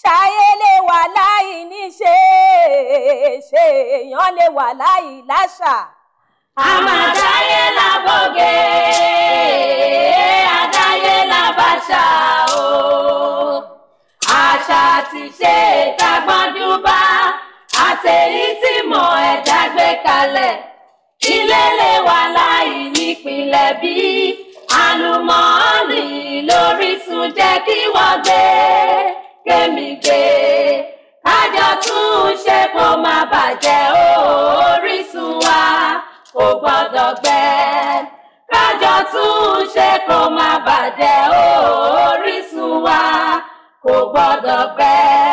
ṣayé lè wà láì níṣe ṣèèyàn lè wà láì láṣà. àmàdáyé làbọ̀gẹ́ àdáyé làbàṣà o àṣà ti ṣe ìtagbọ́njúbá àtẹ̀yí tí mọ̀ ẹ̀dá gbé kalẹ̀ ilé lè wà láì nípìnlẹ̀ bí àlùmọ́ọ́nì lórísun jẹ́ kí wọ́n gbé mi gbé kájọ tún ṣe kó má bàjẹ́ Orísun wa kò gbọ́dọ̀ gbẹ kájọ tún ṣe kó má bàjẹ́ Orísun wa kò gbọ́dọ̀ gbẹ.